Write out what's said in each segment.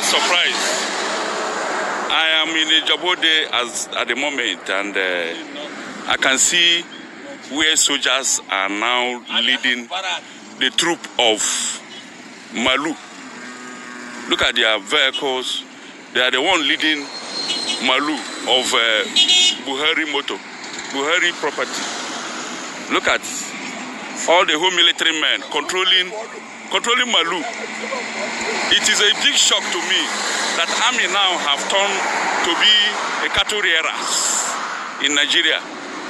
pleasant surprise. I am in Ijabode as at the moment, and uh, I can see where soldiers are now leading the troop of Malu. Look at their vehicles. They are the one leading Malu of uh, Buhari Moto, Buhari property. Look at all the whole military men controlling controlling Malu. It is a big shock to me that army now have turned to be a cattle in Nigeria.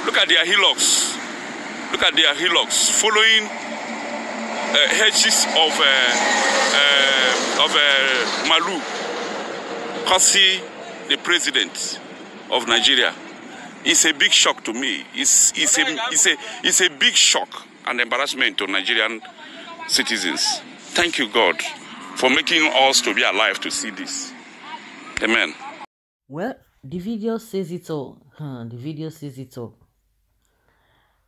Look at their hillocks. Look at their hillocks following uh, hedges of uh, uh, of uh, Malu. Kasi, the president of Nigeria. It's a big shock to me. It's, it's, a, it's, a, it's a big shock. An embarrassment to Nigerian citizens. Thank you, God, for making us to be alive to see this. Amen. Well, the video says it all. Huh, the video says it all.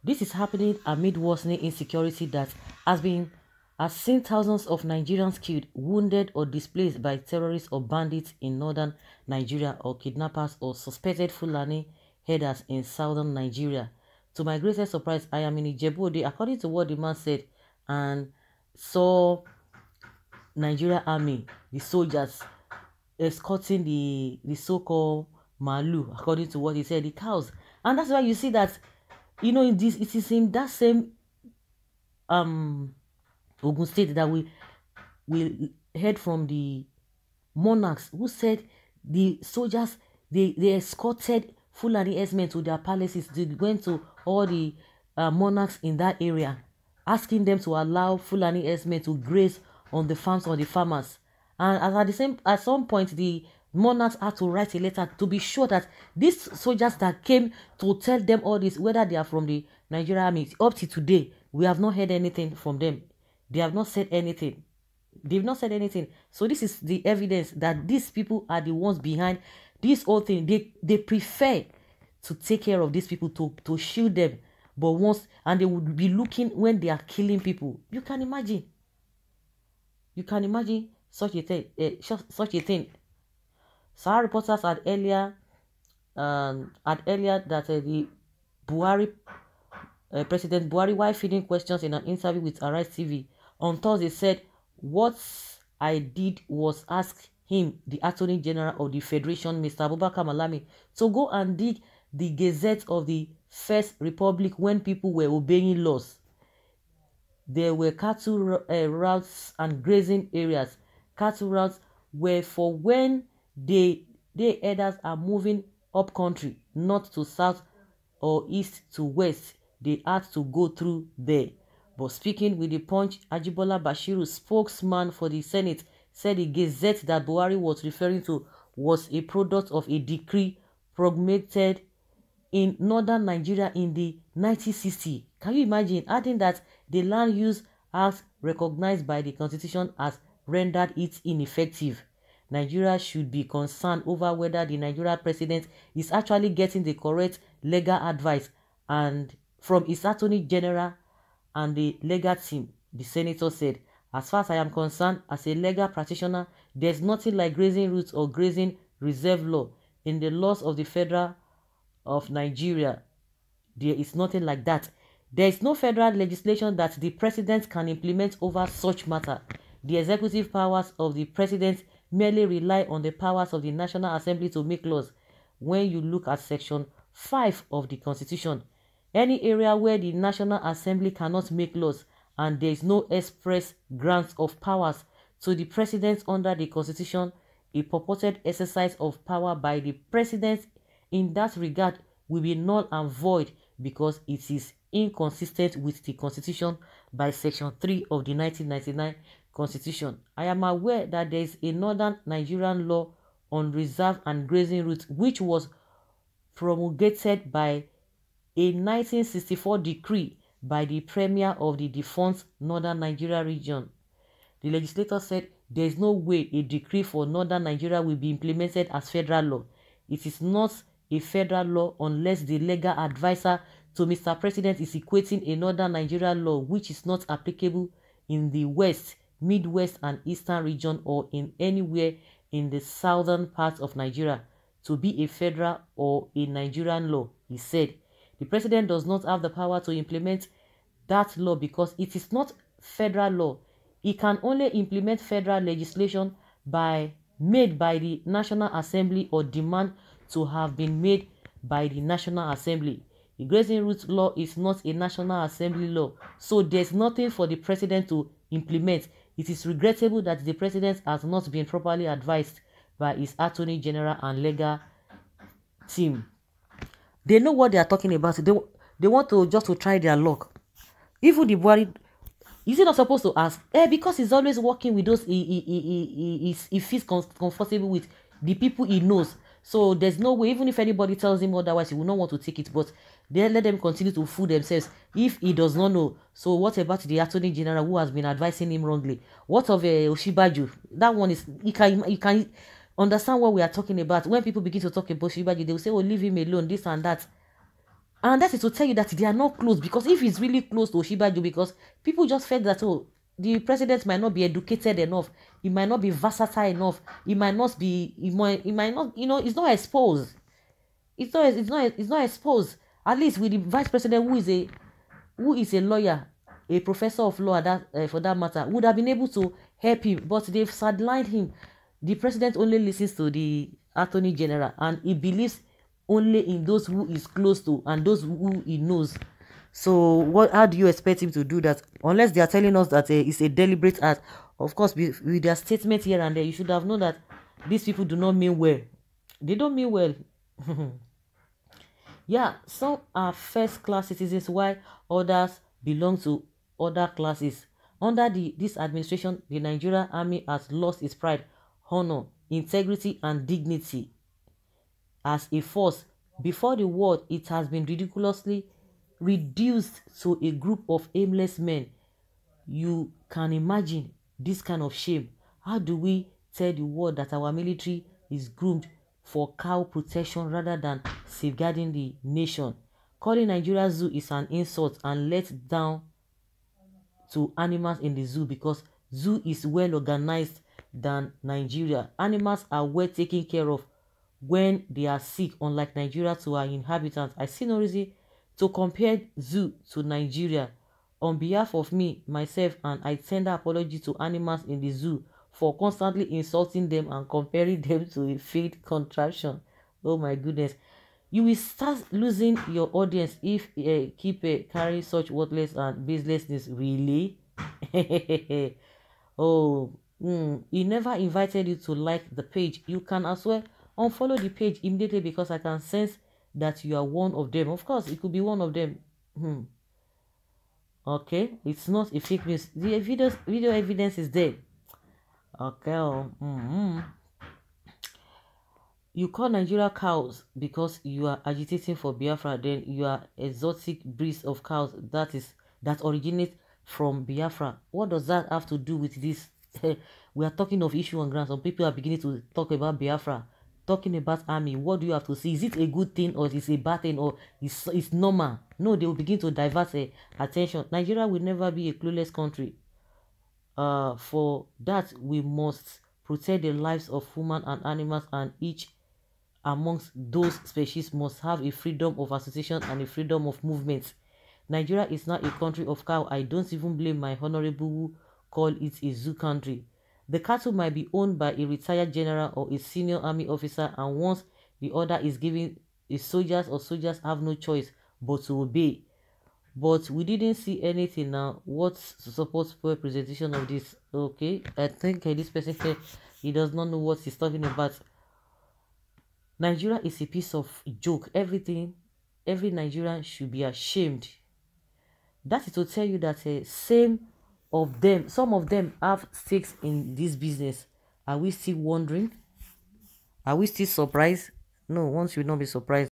This is happening amid worsening insecurity that has been has seen thousands of Nigerians killed, wounded, or displaced by terrorists or bandits in northern Nigeria or kidnappers or suspected Fulani herders in southern Nigeria. To my greatest surprise, I am in Ijebu according to what the man said, and saw Nigeria army, the soldiers, escorting the, the so-called Malu, according to what he said, the cows. And that's why you see that, you know, in this, it is in that same um, Ogun State that we, we heard from the monarchs who said the soldiers, they, they escorted Fulani S-men to their palaces. They went to all the uh, monarchs in that area, asking them to allow Fulani herdsmen to graze on the farms of the farmers. And at the same, at some point, the monarchs had to write a letter to be sure that these soldiers that came to tell them all this, whether they are from the Nigerian army, up to today, we have not heard anything from them. They have not said anything. They've not said anything. So this is the evidence that these people are the ones behind this whole thing. They they prefer to take care of these people to to shield them but once and they would be looking when they are killing people you can imagine you can imagine such a thing uh, such a thing Sahara reporters had earlier um, had earlier that uh, the Buhari uh, President Buhari while fielding questions in an interview with Arise TV on Thursday said what I did was ask him, the Attorney General of the Federation, Mr. Abubakar Malami, to go and dig the gazette of the First Republic when people were obeying laws. There were cattle uh, routes and grazing areas. Cattle routes were for when they they herders are moving up country, north to south or east to west. They had to go through there. But speaking with the Punch, Ajibola Bashiru, spokesman for the Senate, said the gazette that Buhari was referring to was a product of a decree promulgated in northern Nigeria in the 1960s. Can you imagine? Adding that the Land Use Act recognized by the Constitution has rendered it ineffective. Nigeria should be concerned over whether the Nigerian president is actually getting the correct legal advice and from his attorney general and the legal team, the senator said. As far as I am concerned, as a legal practitioner, there's nothing like grazing roots or grazing reserve law in the laws of the federal of Nigeria. There is nothing like that. There is no federal legislation that the president can implement over such matter. The executive powers of the president merely rely on the powers of the National Assembly to make laws. When you look at Section 5 of the Constitution, any area where the National Assembly cannot make laws and there is no express grant of powers to the president under the Constitution, a purported exercise of power by the president in that regard will be null and void because it is inconsistent with the Constitution by Section 3 of the 1999 Constitution. I am aware that there is a northern Nigerian law on reserve and grazing routes which was promulgated by a 1964 decree by the Premier of the defunct northern Nigeria region. The legislator said there is no way a decree for northern Nigeria will be implemented as federal law. It is not a federal law unless the legal advisor to Mr. President is equating another Nigerian law which is not applicable in the West, Midwest, and Eastern region or in anywhere in the southern part of Nigeria to be a federal or a Nigerian law, he said. The president does not have the power to implement that law because it is not federal law. He can only implement federal legislation by made by the National Assembly or demand to have been made by the National Assembly. The grazing route law is not a National Assembly law, so there is nothing for the president to implement. It is regrettable that the president has not been properly advised by his attorney general and legal team. They know what they are talking about. They, they want to just to try their luck. Even the Buhari is he not supposed to ask eh because he's always working with those he he he he he, he feels comfortable with the people he knows So there's no way, even if anybody tells him otherwise, he will not want to take it. But they let them continue to fool themselves if he does not know. So what about the attorney general who has been advising him wrongly? What of uh, Oshibaju? That one is you can you can understand what we are talking about. When people begin to talk about Oshibaju, they will say, "Oh, leave him alone," this and that. And that is to tell you that they are not close because if he's really close to Oshibaju, because people just felt that oh, the president might not be educated enough it might not be versatile enough it might not be it might, it might not you know it's not exposed it's not it's not it's not exposed at least with the vice president who is a who is a lawyer a professor of law that uh, for that matter would have been able to help him but they've sidelined him the president only listens to the attorney general and he believes only in those who is close to and those who he knows so what how do you expect him to do that unless they are telling us that uh, it's a deliberate act of course, with, their statements here and there, you should have known that these people do not mean well. They don't mean well. yeah, some are first class citizens while others belong to other classes. Under the, this administration, the Nigerian army has lost its pride, honor, integrity, and dignity. As a force, before the war, it has been ridiculously reduced to a group of aimless men. You can imagine this kind of shame how do we tell the world that our military is groomed for cow protection rather than safeguarding the nation calling nigeria zoo is an insult and let down to animals in the zoo because zoo is well organized than nigeria animals are well taken care of when they are sick unlike nigeria to our inhabitants i see no reason to compare zoo to nigeria On behalf of me, myself, and I tender apology to animals in the zoo for constantly insulting them and comparing them to a fake contraption. Oh my goodness. You will start losing your audience if uh, keep uh, carrying such worthless and baselessness. Really? oh, mm, he never invited you to like the page. You can as well unfollow the page immediately because I can sense that you are one of them. Of course, it could be one of them. Hmm okay it's not a fake news the video video evidence is there okay oh, mm -hmm. you call nigeria cows because you are agitating for biafra then you are exotic breeds of cows that is that originate from biafra what does that have to do with this we are talking of issue on ground some people are beginning to talk about biafra talking about army what do you have to see? is it a good thing or is it a bad thing or is it normal no they will begin to divert uh, attention nigeria will never be a clueless country uh, for that we must protect the lives of human and animals and each amongst those species must have a freedom of association and a freedom of movement nigeria is not a country of cow i don't even blame my honorable who call it a zoo country The cattle might be owned by a retired general or a senior army officer, and once the order is given, the soldiers or soldiers have no choice but to obey. But we didn't see anything now. What support for presentation of this? Okay, I think uh, this person said he does not know what he's talking about. Nigeria is a piece of joke. Everything, every Nigerian should be ashamed. That is to tell you that uh, same of them some of them have stakes in this business are we still wondering are we still surprised no once you not be surprised